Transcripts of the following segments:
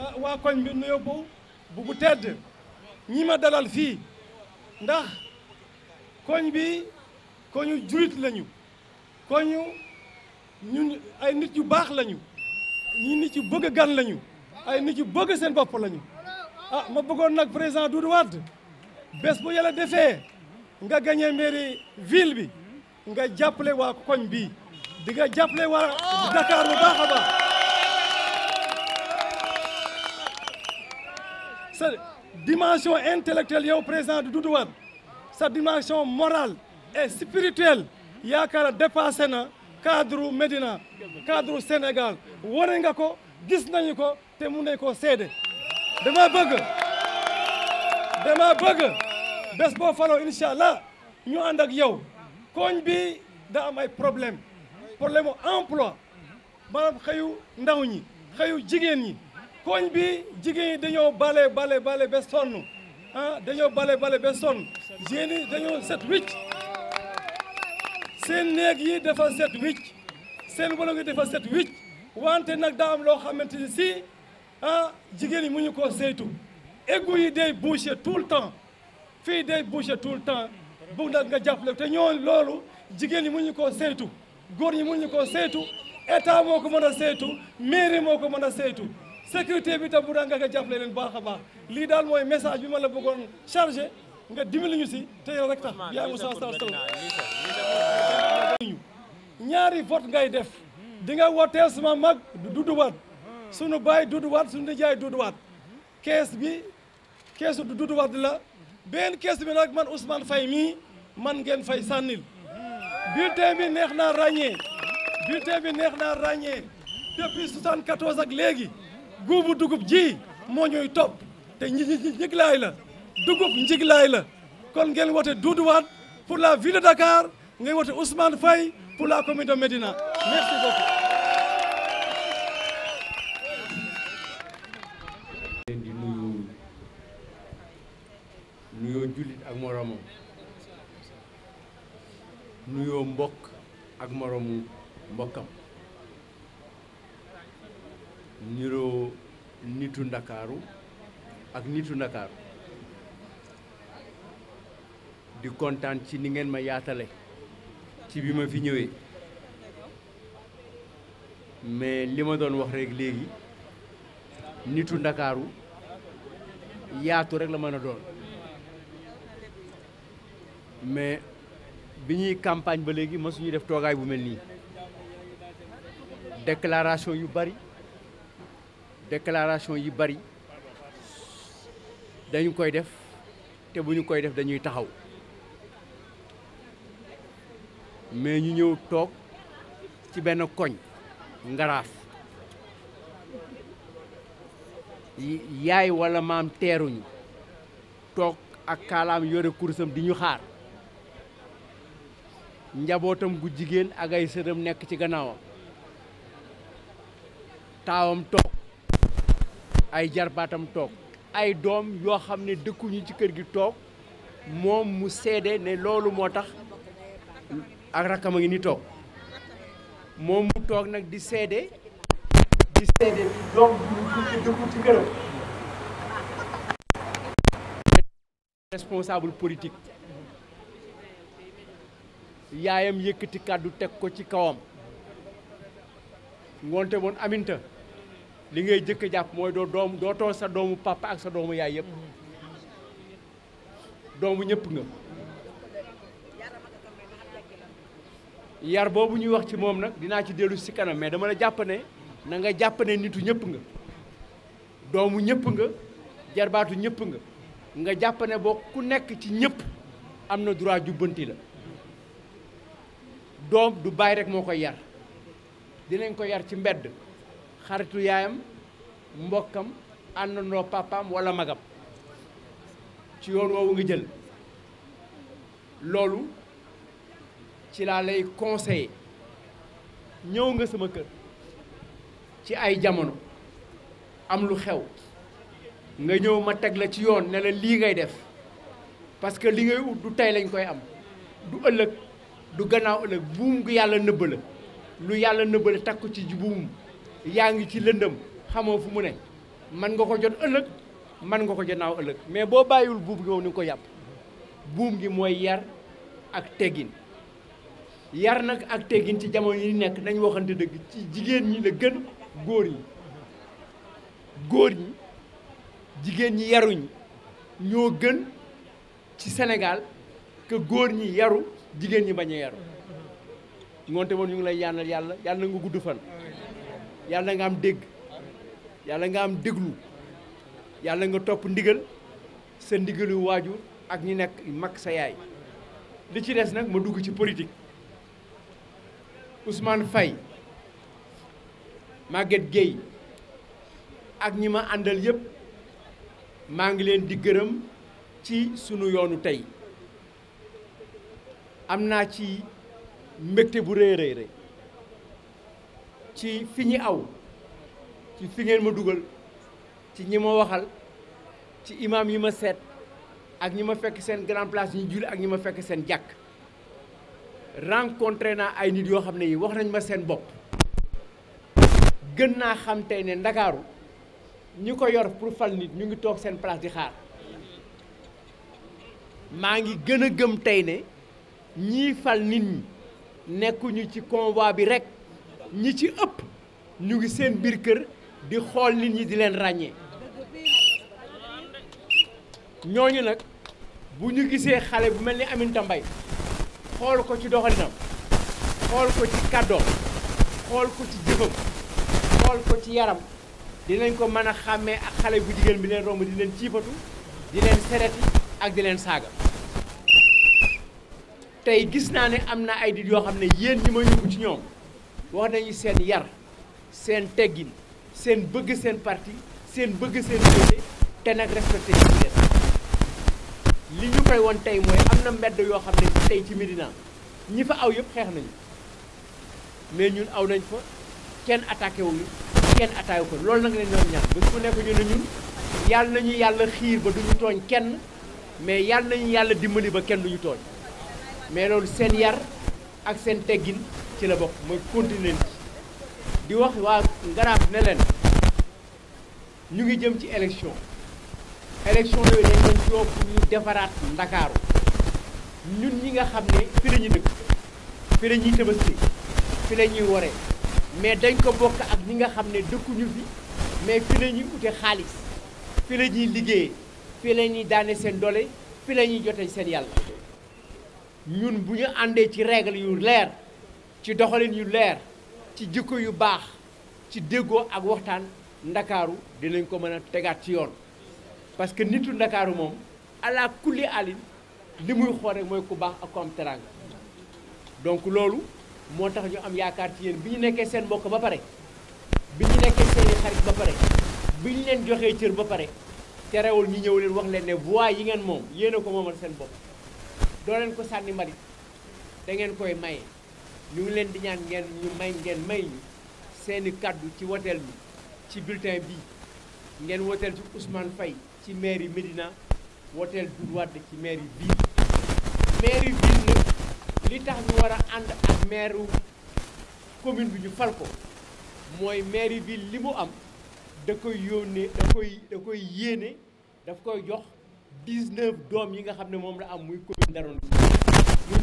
Ah, waa koñ bi nuyoo bu bu bu tedd ñii ma dalal fii ndax koñ bi koñu julit lañu koñu ñun ay nit yu baax lañu ñi nit yu bëgg gan lañu ay nit yu bëgg seen bopp lañu ah ma bëggoon nag président Doudou Wade bés bu yàlla defee nga gagné mairie ville bi nga jàpple waa koñ bi di nga waa Dakar bu baax a baax sa dimension intellectuelle yow président du Doudou sa dimension morale et spirituelle yakara dépassé na cadre Médina cadre Sénégal wane nga ko gis nañ ko té mun nañ koo seede dama bëgg dama bëgg bés bo falo incha ñu and ak yow koñ bi da am ay problème problème emploi maanaam xeyu ndaw ñi xeyu jigen ñi koñ bi jigéen yi dañoo bale bale bale ba sonn ah dañoo bale bale ba sonn jeunes dañoo set wicc seen néeg yi dafa set wicc seen walo yi dafa set wicc wante nag daa loo xamante ni si ah jigéen yi mu ñu ko saytu égout yi day bouché tout le temps fii day bouché tout le temps bug nag nga jàppale te ñoo loolu jigéen yi mu ñu ko saytu góor ñi mu ñu ko saytu état moo ko mën a saytu mairie moo ko mën a saytu sécurité bi tam bu daa nga nga jàppale leen baax a baax lii daal mooy message bi ma la bëggoon chargé nga dimbali ñu si te yow rek tax yaay Moussa Sall ñaari vote ngay def di nga woteel suma mag duduwaat sunu baay duduwaat sunu nijaay duduwaat kees bi keesu duduwaat la benn kees bi nag man Ousmane fay mii man ngeen fay sànnil bulletin bi neex naa ràññee bulletin bi neex naa ràññee depuis 74 ak léegi guubu dugub ji moo ñuy topp te ñi la dugub njiglaay la kon ngeen wote Doudou Wade pour la ville de Dakar ngeen wote Ousmane Faye pour la commune de Médina merci beaucoup. di nuyu ak moromam nuyoo mbokk niroo nitu ndakaaru ak nitu ndakaaru di kontaan ci ni ngeen ma yaatale ci bi ma fi ñëwee mais li ma doon wax rek léegi nitu ndakaaru yaatu rek la mën a doon mais bi ñuy campagne ba léegi mësuñu def toogaay bu mel nii déclaration yu bari déclaration yi bari dañu koy def te bu ñu koy def dañuy taxaw mais ñu ñëw toog ci benn koñ ngaraaf yaay walla maam teeruñu toog ak kaalaam yore kursam di ñu xaar njabootam gu jigéen ak ay sëtam nekk ci gannaawam taawam toog ay jarbaatam toog ay doom yoo xam ne dëkkuñu ci kër gi toog moom mu seede ne loolu moo tax ak rakkam a ngi ni toog moom mu toog nag di sedde di seede doom ci dëkku responsable politique yaayam yëkkati kàddu teg ko ci kawam ngoonte moon aminta li ngay jëkk a jàpp mooy doo doom doo too sa doomu papa ak sa doomu yaay yëpp doomu ñëpp nga yar boobu ñuy wax ci moom nag dinaa ci dellu si kanam mais dama la jàppane na nga jàpp nitu ñëpp nga doomu ñëpp nga jarbaatu ñëpp nga nga jàpp ne boo ku nekk ci ñëpp am na droit jubbanti la doom du bàyyi rek moo koy yar dinañ ko yar ci mbedd xaritu yaayam mbokkam àndandoo papaam walla magam ci yoon woowu nga jël loolu ci laa lay conseiller ñëw nga sama kër ci ay jamono am lu xew nga ñëw ma teg la ci yoon ne la lii ngay def parce que li ngay ut du tey lañ koy am du ëllëg du gannaaw ëllëg buum gu yàlla nëbb la lu yàlla nëbb la takku ci buum Yang ci lëndëm xamo fu mu ne man nga ko jot euleuk man nga ko jot euleuk mais bo bàyyiwul buum gi woni ko yap buum gi moy yar ak teggin yar nak ak teggin ci jamono yi nek nañ waxante deug ci jigen ñi le gën goor yi goor ñi jigen ñi yaruñ ño gën ci senegal ke goor ñi yaru jigen ñi bañ yaru ngonté won ñu ngi lay ñaanal yalla yalla nga guddu fan yàlla nga am dégg yàlla nga am déglu yàlla nga topp ndigal sa ndigalu waajur ak ñi nekk mag sa yaay li ci des nag ma dugg ci politik Ousmane fay Maguette géey ak ñi ma àndal yépp maa ngi leen di gërëm ci sunu yoonu tey am naa ci mbegte bu rëy rëy rëy ci fi ñi aw ci fi ngeen ma dugal ci ñi ma waxal ci imam yi ma seet ak ñi ma fekk seen grand place ñu julli ak ñi ma fekk seen jàkk rencontré naa ay nit yoo xam ne yi wax nañ ma seen bopp gën naa xam tey ne ndakaaru ñi ko yor pour fal nit ñu ngi toog seen place di xaar maa ngi gën a gëm tey ne ñii fal nit ñi nekkuñu ci convoi bi rek ñi ci ëpp ñu ngi seen biir kër di xool nit ñi di leen ràññee ñooñu nag bu ñu gisee xale bu mel ni Aminata Mbaye xool ko ci doxalinam xool ko ci kàddoom xool ko ci jëfam xool ko ci yaram dinañ ko mën a xàmmee ak xale bu jigéen bi leen romb di leen ciipatu di leen sereti ak di leen saaga tey gis naa ni am na ay nit yoo xam ne yéen ñi ma yóbbu ci ñoom wax nañu seen yar seen teggin seen bëgg seen parti seen bëgg seen yéene te nag respecté ci des li ñu koy woon tey mooy am na mbedd yoo xam ne tey ci Médina ñi fa aw yëpp xeex nañu mais ñun aw nañ fa kenn attaqué wu kenn attaqué ko loolu nag lañ doon ñaan ba su nekk ñu ne ñun yàlla nañu yàlla xiir ba duñu tooñ kenn mais yàlla nañu yàlla dimbali ba kenn duñu tooñ mais loolu seen yar ak seen teggin ci la bokk mooy continuer di wax waa Ngaraaf ne leen ñu ngi jëm ci élection élection yooyu dañ leen ci yokk ñu defaraat Ndakaaru ñun ñi nga xam ne fi la ñu dëkk fi la ñuy tabaski fi la ñuy waree mais dañ ko bokk ak ñi nga xam ne dëkkuñu fi mais fi la ñuy ute xaalis fi la ñuy liggéeyee fi la ñuy daane seen dole fi la ñuy jote seen yàlla ñun bu ñu àndee ci règle yu leer ci doxalin yu leer ci jikko yu baax ci déggoo ak waxtaan ndakaaru dinañ ko mën a tegaat ci yoon parce que nitu ndakaaru moom ala kulli alin li muy xool rek mooy ku baax ak ku am teraanga donc loolu moo tax ñu am yaakaar ci yéen bi ñu nekkee seen mbokk ba pare bi ñu nekkee seeni xarit ba pare bi ñu leen joxee cër ba pare te terewul ñu ñëw leen wax leen ne voix yi ngeen moom yéen a ko moomal seen bopp doo ko sànni mbalit dangeen koy maye ñu ngi leen di ñaan ngeen ñu may ngeen may ñu seeni kàddu ci woteel bi ci bulletin bi ngeen woteel ci Ousmane Faye ci mairie Médina woteel Doudou Wade ci mairie ville mairie ville li tax ñu war a ànd ak maire commune bi ñu fal ko mooy mairie ville li mu am da koy yónnee da koy da koy yéene daf koy jox 19 doom yi nga xam ne moom la am muy naroon ñun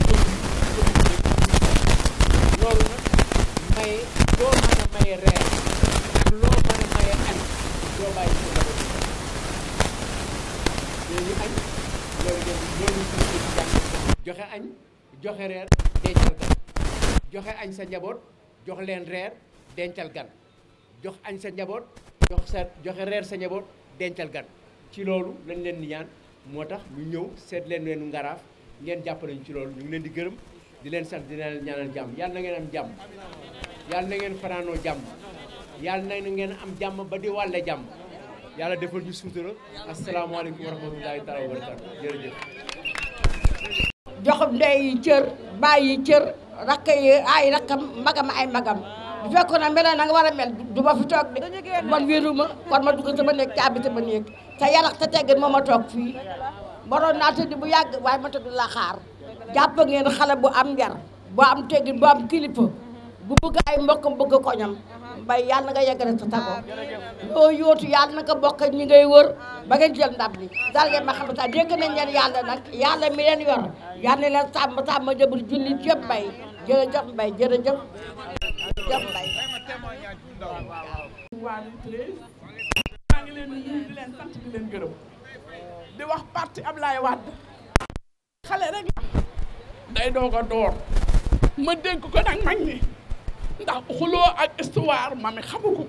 loolu nag maye loo mën maye reer loo mën maye añ joxe añ joxe reer dencal gan joxe añ sa njaboot jox leen reer dencal gan jox añ sa njaboot jox sa joxe reer sa njaboot dencal gan ci loolu lañ leen di ñaan moo tax ñu ñëw seet leen weenu ngaraaf ngeen jàppale ñu ci loolu ñu ngi leen di gërëm di leen sant di leen ñaanal jàmm yàlla na ngeen am jàmm yàlla na ngeen fanaanoo jàmm yàlla na ngeen am jàmm ba di wàlle jàmm yàlla defal ñu suutura asalaamaaleykum wa rahmatullahi taala wa barakatu jërëjëf jox ndey yi cër baay yi cër rakk yi ay rakkam magam ay magam bu fekkoon na mel na nga war a mel du ma fi toog de man weeru ma kon ma dugg sama néeg caabi sama néeg te yàlla te teggin moo ma toog fii waroon na tëdd bu yàgg waaye ma di la xaar ngeen xale bu am bu am tegg bu am kilifa bu bëgg ay mbokkam bëgg ñam mbay yalla nga yeggale ta tago loo yootu yalla naka bokk ñi ngay wër ba ngeen jël ndab li dal ngeen ma xam ta degg nañ leen yalla nak yalla mi leen yor yalla leen sàmm sàmm jëbul jullit yëpp mbay jërëjëf mbay jërëjëf jëf mbay waa maa di wax parti Ablaye Wade xale rek la day doog door ma dégg ko nag mag ñi ndax xuloo ak histoire mami xamu ko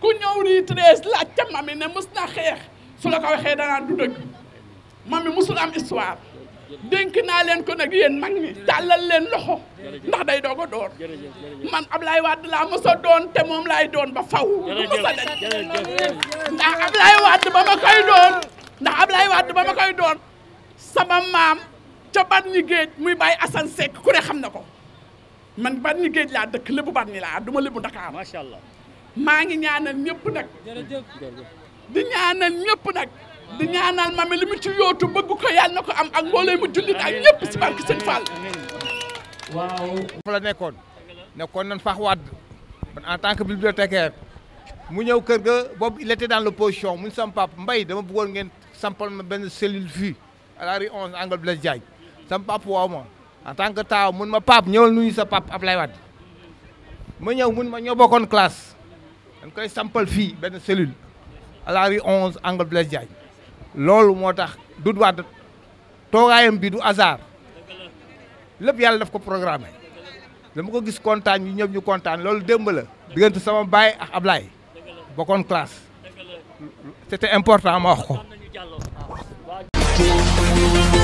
ku ñëw nii treize laajte mami ne mës na xeex su la ko waxee danaa du dëgg mami musul am histoire dénk naa leen ko nag yéen mag ñi tàllal leen loxo ndax day doog a door man Ablaye Wade laa mos a doon te moom lay doon ba faw du mos a dañ ndax Ablaye Wade ba ma koy doon ndax Ablaye Wade ba ma koy doon sama maam ca Bargny Géej muy bàyyi Assane Seck ku xam na ko man Bargny Géej laa dëkk lébu Bargny laa duma bu Dakar macha allah maa ngi ñaanal ñëpp nag di ñaanal ñëpp nag di ñaanal mame li mu ci yootu bëgg ko yàlla na ko am ak mbooloo mu jullit ak ñëpp si barke seen Fall waaw fa la nekkoon nekkoon nan fax wadd en tant que bibliothécaire mu ñëw kër ga boobu il était dans l'opposition mu ne mbay dama buggoon ngeen sampal ma ben cellule fii à la rue 11 angle Blaise Diagne sam pap woo mo en tant que taw mun ma pap ñewal nuyu sa pap Ablaye Wade ma ñew mun ma ñoo classe dañ koy sampal fi ben cellule à la rue 11 angle Blaise Diagne loolu motax tax Doudou Wade toogaayam bi du hasard lepp yalla daf ko programmer dama ko gis contane ñu ñu contane loolu demb la digënt sama baye ak ablay bokon classe c'était important ma wax ko Thank you.